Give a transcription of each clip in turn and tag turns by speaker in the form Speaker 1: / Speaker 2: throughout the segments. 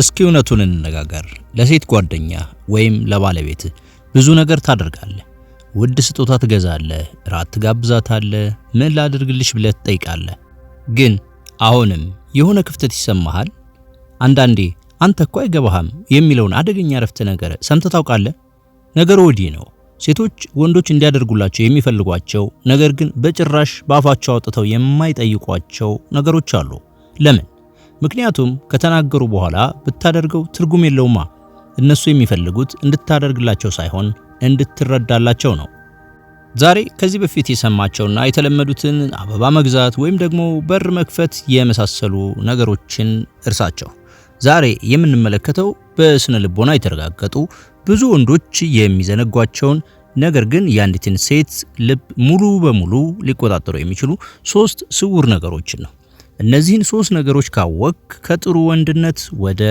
Speaker 1: እስኪ እውነቱን እንነጋገር። ለሴት ጓደኛ ወይም ለባለቤት ብዙ ነገር ታደርጋለህ። ውድ ስጦታ ትገዛለ ራት ትጋብዛታለህ፣ ምን ላድርግልሽ ብለህ ትጠይቃለህ። ግን አሁንም የሆነ ክፍተት ይሰማሃል። አንዳንዴ አንተ እኮ አይገባህም የሚለውን አደገኛ ረፍተ ነገር ሰምተህ ታውቃለህ? ነገሩ ወዲህ ነው። ሴቶች ወንዶች እንዲያደርጉላቸው የሚፈልጓቸው ነገር ግን በጭራሽ በአፋቸው አውጥተው የማይጠይቋቸው ነገሮች አሉ። ለምን? ምክንያቱም ከተናገሩ በኋላ ብታደርገው ትርጉም የለውማ። እነሱ የሚፈልጉት እንድታደርግላቸው ሳይሆን እንድትረዳላቸው ነው። ዛሬ ከዚህ በፊት የሰማቸውና የተለመዱትን አበባ መግዛት ወይም ደግሞ በር መክፈት የመሳሰሉ ነገሮችን እርሳቸው። ዛሬ የምንመለከተው በስነ ልቦና የተረጋገጡ ብዙ ወንዶች የሚዘነጓቸውን ነገር ግን የአንዲትን ሴት ልብ ሙሉ በሙሉ ሊቆጣጠሩ የሚችሉ ሶስት ስውር ነገሮችን ነው። እነዚህን ሶስት ነገሮች ካወቅ ከጥሩ ወንድነት ወደ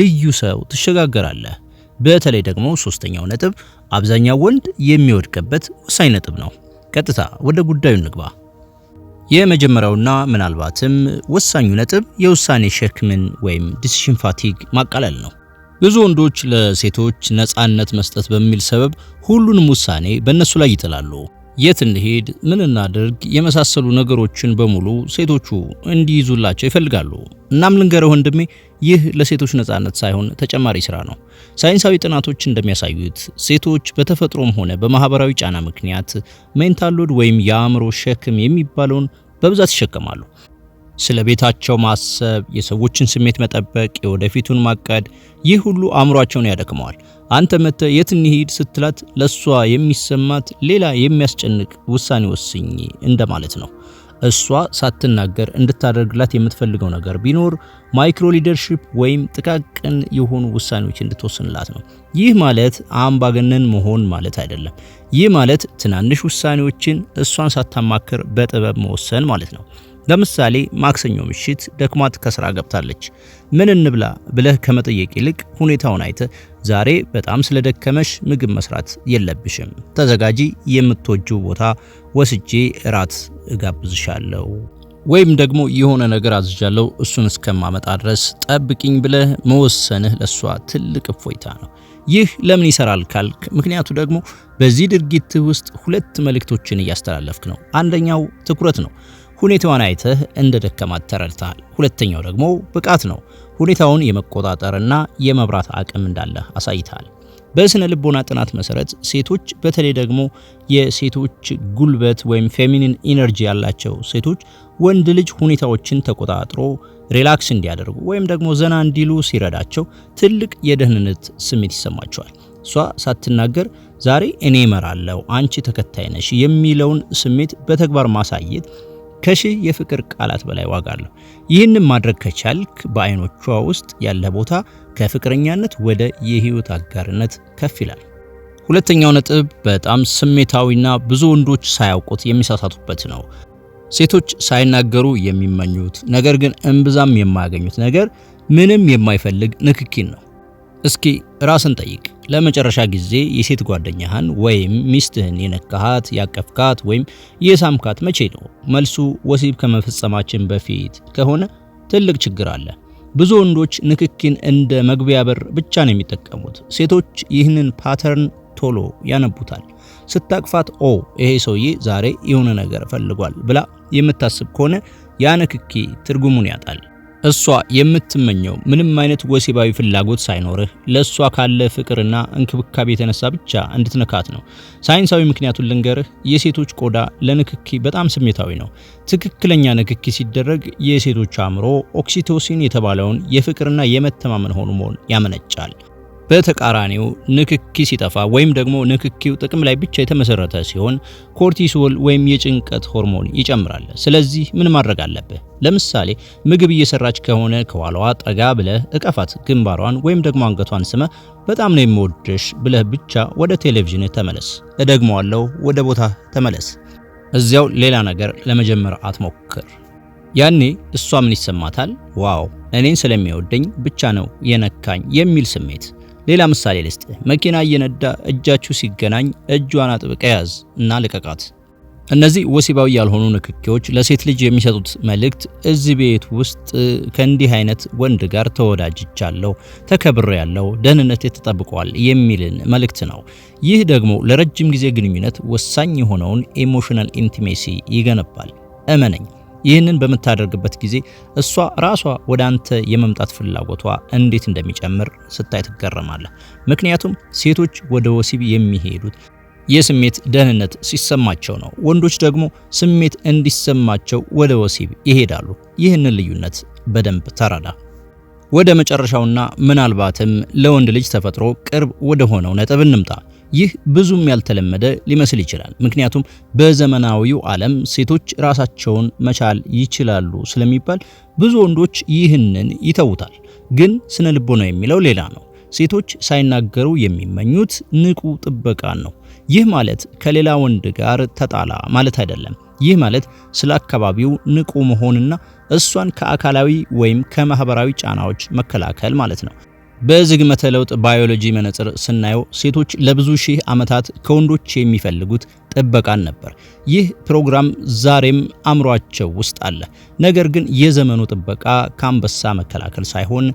Speaker 1: ልዩ ሰው ትሸጋገራለህ። በተለይ ደግሞ ሶስተኛው ነጥብ አብዛኛው ወንድ የሚወድቅበት ወሳኝ ነጥብ ነው። ቀጥታ ወደ ጉዳዩ እንግባ። የመጀመሪያውና ምናልባትም ወሳኙ ነጥብ የውሳኔ ሸክምን ወይም ዲሲሽን ፋቲግ ማቃለል ነው። ብዙ ወንዶች ለሴቶች ነፃነት መስጠት በሚል ሰበብ ሁሉንም ውሳኔ በእነሱ ላይ ይጥላሉ። የት እንሄድ፣ ምን እናድርግ የመሳሰሉ ነገሮችን በሙሉ ሴቶቹ እንዲይዙላቸው ይፈልጋሉ። እናም ልንገረው ወንድሜ፣ ይህ ለሴቶች ነጻነት ሳይሆን ተጨማሪ ስራ ነው። ሳይንሳዊ ጥናቶች እንደሚያሳዩት ሴቶች በተፈጥሮም ሆነ በማህበራዊ ጫና ምክንያት ሜንታል ሎድ ወይም የአእምሮ ሸክም የሚባለውን በብዛት ይሸከማሉ። ስለ ቤታቸው ማሰብ፣ የሰዎችን ስሜት መጠበቅ፣ የወደፊቱን ማቀድ፣ ይህ ሁሉ አእምሯቸውን ያደክመዋል። አንተ መጥተህ የት እንሂድ ስትላት ለሷ የሚሰማት ሌላ የሚያስጨንቅ ውሳኔ ወስኝ እንደማለት ነው። እሷ ሳትናገር እንድታደርግላት የምትፈልገው ነገር ቢኖር ማይክሮ ሊደርሺፕ ወይም ጥቃቅን የሆኑ ውሳኔዎች እንድትወስንላት ነው። ይህ ማለት አምባገነን መሆን ማለት አይደለም። ይህ ማለት ትናንሽ ውሳኔዎችን እሷን ሳታማክር በጥበብ መወሰን ማለት ነው። ለምሳሌ ማክሰኞ ምሽት ደክሟት ከስራ ገብታለች። ምን እንብላ ብለህ ከመጠየቅ ይልቅ ሁኔታውን አይተ ዛሬ በጣም ስለደከመሽ ምግብ መስራት የለብሽም፣ ተዘጋጂ፣ የምትወጂው ቦታ ወስጄ እራት እጋብዝሻለሁ ወይም ደግሞ የሆነ ነገር አዝዣለሁ እሱን እስከማመጣ ድረስ ጠብቅኝ ብለህ መወሰንህ ለሷ ትልቅ እፎይታ ነው። ይህ ለምን ይሰራል ካልክ፣ ምክንያቱ ደግሞ በዚህ ድርጊትህ ውስጥ ሁለት መልእክቶችን እያስተላለፍክ ነው። አንደኛው ትኩረት ነው። ሁኔታዋን አይተህ እንደ ደከማት ተረድተሃል። ሁለተኛው ደግሞ ብቃት ነው። ሁኔታውን የመቆጣጠርና የመብራት አቅም እንዳለህ አሳይተሃል። በስነ ልቦና ጥናት መሰረት ሴቶች በተለይ ደግሞ የሴቶች ጉልበት ወይም ፌሚኒን ኢነርጂ ያላቸው ሴቶች ወንድ ልጅ ሁኔታዎችን ተቆጣጥሮ ሪላክስ እንዲያደርጉ ወይም ደግሞ ዘና እንዲሉ ሲረዳቸው ትልቅ የደህንነት ስሜት ይሰማቸዋል። እሷ ሳትናገር ዛሬ እኔ እመራለሁ፣ አንቺ ተከታይ ነሽ የሚለውን ስሜት በተግባር ማሳየት ከሺህ የፍቅር ቃላት በላይ ዋጋ አለው። ይህንም ማድረግ ከቻልክ በአይኖቿ ውስጥ ያለ ቦታ ከፍቅረኛነት ወደ የህይወት አጋርነት ከፍ ይላል። ሁለተኛው ነጥብ በጣም ስሜታዊና ብዙ ወንዶች ሳያውቁት የሚሳሳቱበት ነው። ሴቶች ሳይናገሩ የሚመኙት ነገር ግን እምብዛም የማያገኙት ነገር ምንም የማይፈልግ ንክኪን ነው። እስኪ ራስን ጠይቅ። ለመጨረሻ ጊዜ የሴት ጓደኛህን ወይም ሚስትህን የነካሃት ያቀፍካት ወይም የሳምካት መቼ ነው? መልሱ ወሲብ ከመፈጸማችን በፊት ከሆነ ትልቅ ችግር አለ። ብዙ ወንዶች ንክኪን እንደ መግቢያ በር ብቻ ነው የሚጠቀሙት። ሴቶች ይህንን ፓተርን ቶሎ ያነቡታል። ስታቅፋት ኦ ይሄ ሰውዬ ዛሬ የሆነ ነገር ፈልጓል ብላ የምታስብ ከሆነ ያ ንክኪ ትርጉሙን ያጣል። እሷ የምትመኘው ምንም አይነት ወሲባዊ ፍላጎት ሳይኖርህ ለእሷ ካለ ፍቅርና እንክብካቤ የተነሳ ብቻ እንድትነካት ነው። ሳይንሳዊ ምክንያቱን ልንገርህ፣ የሴቶች ቆዳ ለንክኪ በጣም ስሜታዊ ነው። ትክክለኛ ንክኪ ሲደረግ የሴቶች አእምሮ ኦክሲቶሲን የተባለውን የፍቅርና የመተማመን ሆርሞን ያመነጫል። በተቃራኒው ንክኪ ሲጠፋ ወይም ደግሞ ንክኪው ጥቅም ላይ ብቻ የተመሰረተ ሲሆን ኮርቲሶል ወይም የጭንቀት ሆርሞን ይጨምራል። ስለዚህ ምን ማድረግ አለብህ? ለምሳሌ ምግብ እየሰራች ከሆነ ከኋላዋ ጠጋ ብለህ እቀፋት፣ ግንባሯን ወይም ደግሞ አንገቷን ስመ በጣም ነው የምወደሽ ብለህ ብቻ ወደ ቴሌቪዥን ተመለስ። እደግመዋለሁ፣ ወደ ቦታ ተመለስ። እዚያው ሌላ ነገር ለመጀመር አትሞክር። ያኔ እሷ ምን ይሰማታል? ዋው እኔን ስለሚወደኝ ብቻ ነው የነካኝ የሚል ስሜት ሌላ ምሳሌ ልስጥ። መኪና እየነዳ እጃችሁ ሲገናኝ እጇን አጥብቀ ያዝ እና ልቀቃት። እነዚህ ወሲባዊ ያልሆኑ ንክኪዎች ለሴት ልጅ የሚሰጡት መልእክት እዚህ ቤት ውስጥ ከእንዲህ አይነት ወንድ ጋር ተወዳጅቻለሁ፣ ተከብሬያለሁ፣ ደህንነት ተጠብቋል የሚልን መልእክት ነው። ይህ ደግሞ ለረጅም ጊዜ ግንኙነት ወሳኝ የሆነውን ኢሞሽናል ኢንቲሜሲ ይገነባል። እመነኝ። ይህንን በምታደርግበት ጊዜ እሷ ራሷ ወደ አንተ የመምጣት ፍላጎቷ እንዴት እንደሚጨምር ስታይ ትገረማለህ። ምክንያቱም ሴቶች ወደ ወሲብ የሚሄዱት የስሜት ደህንነት ሲሰማቸው ነው። ወንዶች ደግሞ ስሜት እንዲሰማቸው ወደ ወሲብ ይሄዳሉ። ይህንን ልዩነት በደንብ ተረዳ። ወደ መጨረሻውና ምናልባትም ለወንድ ልጅ ተፈጥሮ ቅርብ ወደ ሆነው ነጥብ እንምጣ። ይህ ብዙም ያልተለመደ ሊመስል ይችላል። ምክንያቱም በዘመናዊው ዓለም ሴቶች ራሳቸውን መቻል ይችላሉ ስለሚባል ብዙ ወንዶች ይህንን ይተውታል። ግን ስነ ልቦና የሚለው ሌላ ነው። ሴቶች ሳይናገሩ የሚመኙት ንቁ ጥበቃን ነው። ይህ ማለት ከሌላ ወንድ ጋር ተጣላ ማለት አይደለም። ይህ ማለት ስለ አካባቢው ንቁ መሆንና እሷን ከአካላዊ ወይም ከማህበራዊ ጫናዎች መከላከል ማለት ነው። በዝግመተ ለውጥ ባዮሎጂ መነጽር ስናየው ሴቶች ለብዙ ሺህ ዓመታት ከወንዶች የሚፈልጉት ጥበቃን ነበር። ይህ ፕሮግራም ዛሬም አእምሯቸው ውስጥ አለ። ነገር ግን የዘመኑ ጥበቃ ከአንበሳ መከላከል ሳይሆን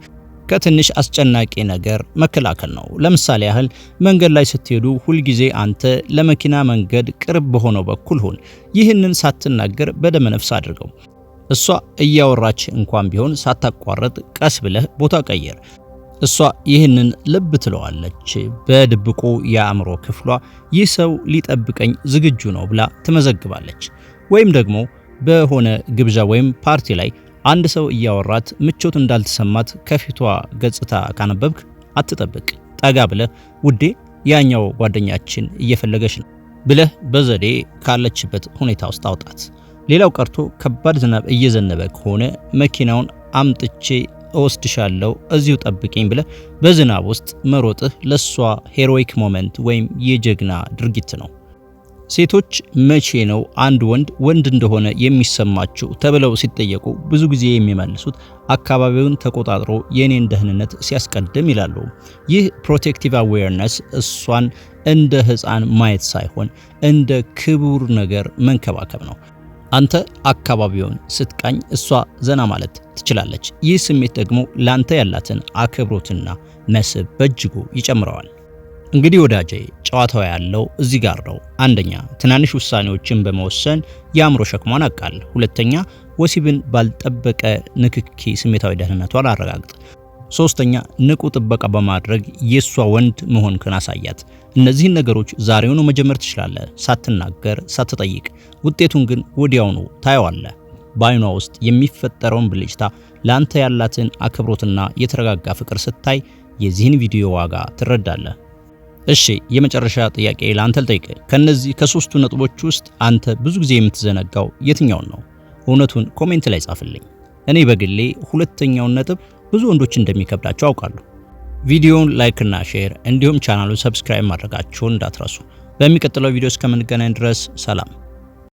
Speaker 1: ከትንሽ አስጨናቂ ነገር መከላከል ነው። ለምሳሌ ያህል መንገድ ላይ ስትሄዱ ሁልጊዜ አንተ ለመኪና መንገድ ቅርብ በሆነው በኩል ሁን። ይህንን ሳትናገር በደመነፍስ አድርገው። እሷ እያወራች እንኳን ቢሆን ሳታቋረጥ ቀስ ብለህ ቦታ ቀየር። እሷ ይህንን ልብ ትለዋለች። በድብቁ የአእምሮ ክፍሏ ይህ ሰው ሊጠብቀኝ ዝግጁ ነው ብላ ትመዘግባለች። ወይም ደግሞ በሆነ ግብዣ ወይም ፓርቲ ላይ አንድ ሰው እያወራት ምቾት እንዳልተሰማት ከፊቷ ገጽታ ካነበብክ አትጠብቅ። ጠጋ ብለህ ውዴ፣ ያኛው ጓደኛችን እየፈለገች ነው ብለህ በዘዴ ካለችበት ሁኔታ ውስጥ አውጣት። ሌላው ቀርቶ ከባድ ዝናብ እየዘነበ ከሆነ መኪናውን አምጥቼ እወስድሻለሁ እዚሁ ጠብቂኝ ብለ በዝናብ ውስጥ መሮጥህ ለሷ ሄሮይክ ሞመንት ወይም የጀግና ድርጊት ነው። ሴቶች መቼ ነው አንድ ወንድ ወንድ እንደሆነ የሚሰማቸው ተብለው ሲጠየቁ ብዙ ጊዜ የሚመልሱት አካባቢውን ተቆጣጥሮ የኔን ደህንነት ሲያስቀድም ይላሉ። ይህ ፕሮቴክቲቭ አዌርነስ እሷን እንደ ሕፃን ማየት ሳይሆን እንደ ክቡር ነገር መንከባከብ ነው። አንተ አካባቢውን ስትቃኝ እሷ ዘና ማለት ትችላለች። ይህ ስሜት ደግሞ ላንተ ያላትን አክብሮትና መስህብ በእጅጉ ይጨምረዋል። እንግዲህ ወዳጄ ጨዋታው ያለው እዚህ ጋር ነው። አንደኛ ትናንሽ ውሳኔዎችን በመወሰን የአእምሮ ሸክሟን አቃል። ሁለተኛ ወሲብን ባልጠበቀ ንክኪ ስሜታዊ ደህንነቷን አረጋግጥ። ሶስተኛ ንቁ ጥበቃ በማድረግ የሷ ወንድ መሆንክን አሳያት። እነዚህን ነገሮች ዛሬውኑ መጀመር ትችላለህ፣ ሳትናገር፣ ሳትጠይቅ። ውጤቱን ግን ወዲያውኑ ታየዋለህ። በአይኗ ውስጥ የሚፈጠረውን ብልጭታ፣ ለአንተ ያላትን አክብሮትና የተረጋጋ ፍቅር ስታይ የዚህን ቪዲዮ ዋጋ ትረዳለህ። እሺ የመጨረሻ ጥያቄ ለአንተ ልጠይቅ። ከነዚህ ከሶስቱ ነጥቦች ውስጥ አንተ ብዙ ጊዜ የምትዘነጋው የትኛውን ነው? እውነቱን ኮሜንት ላይ ጻፍልኝ። እኔ በግሌ ሁለተኛውን ነጥብ ብዙ ወንዶች እንደሚከብዳቸው አውቃለሁ። ቪዲዮውን ላይክ እና ሼር እንዲሁም ቻናሉን ሰብስክራይብ ማድረጋችሁን እንዳትረሱ። በሚቀጥለው ቪዲዮ እስከምንገናኝ ድረስ ሰላም።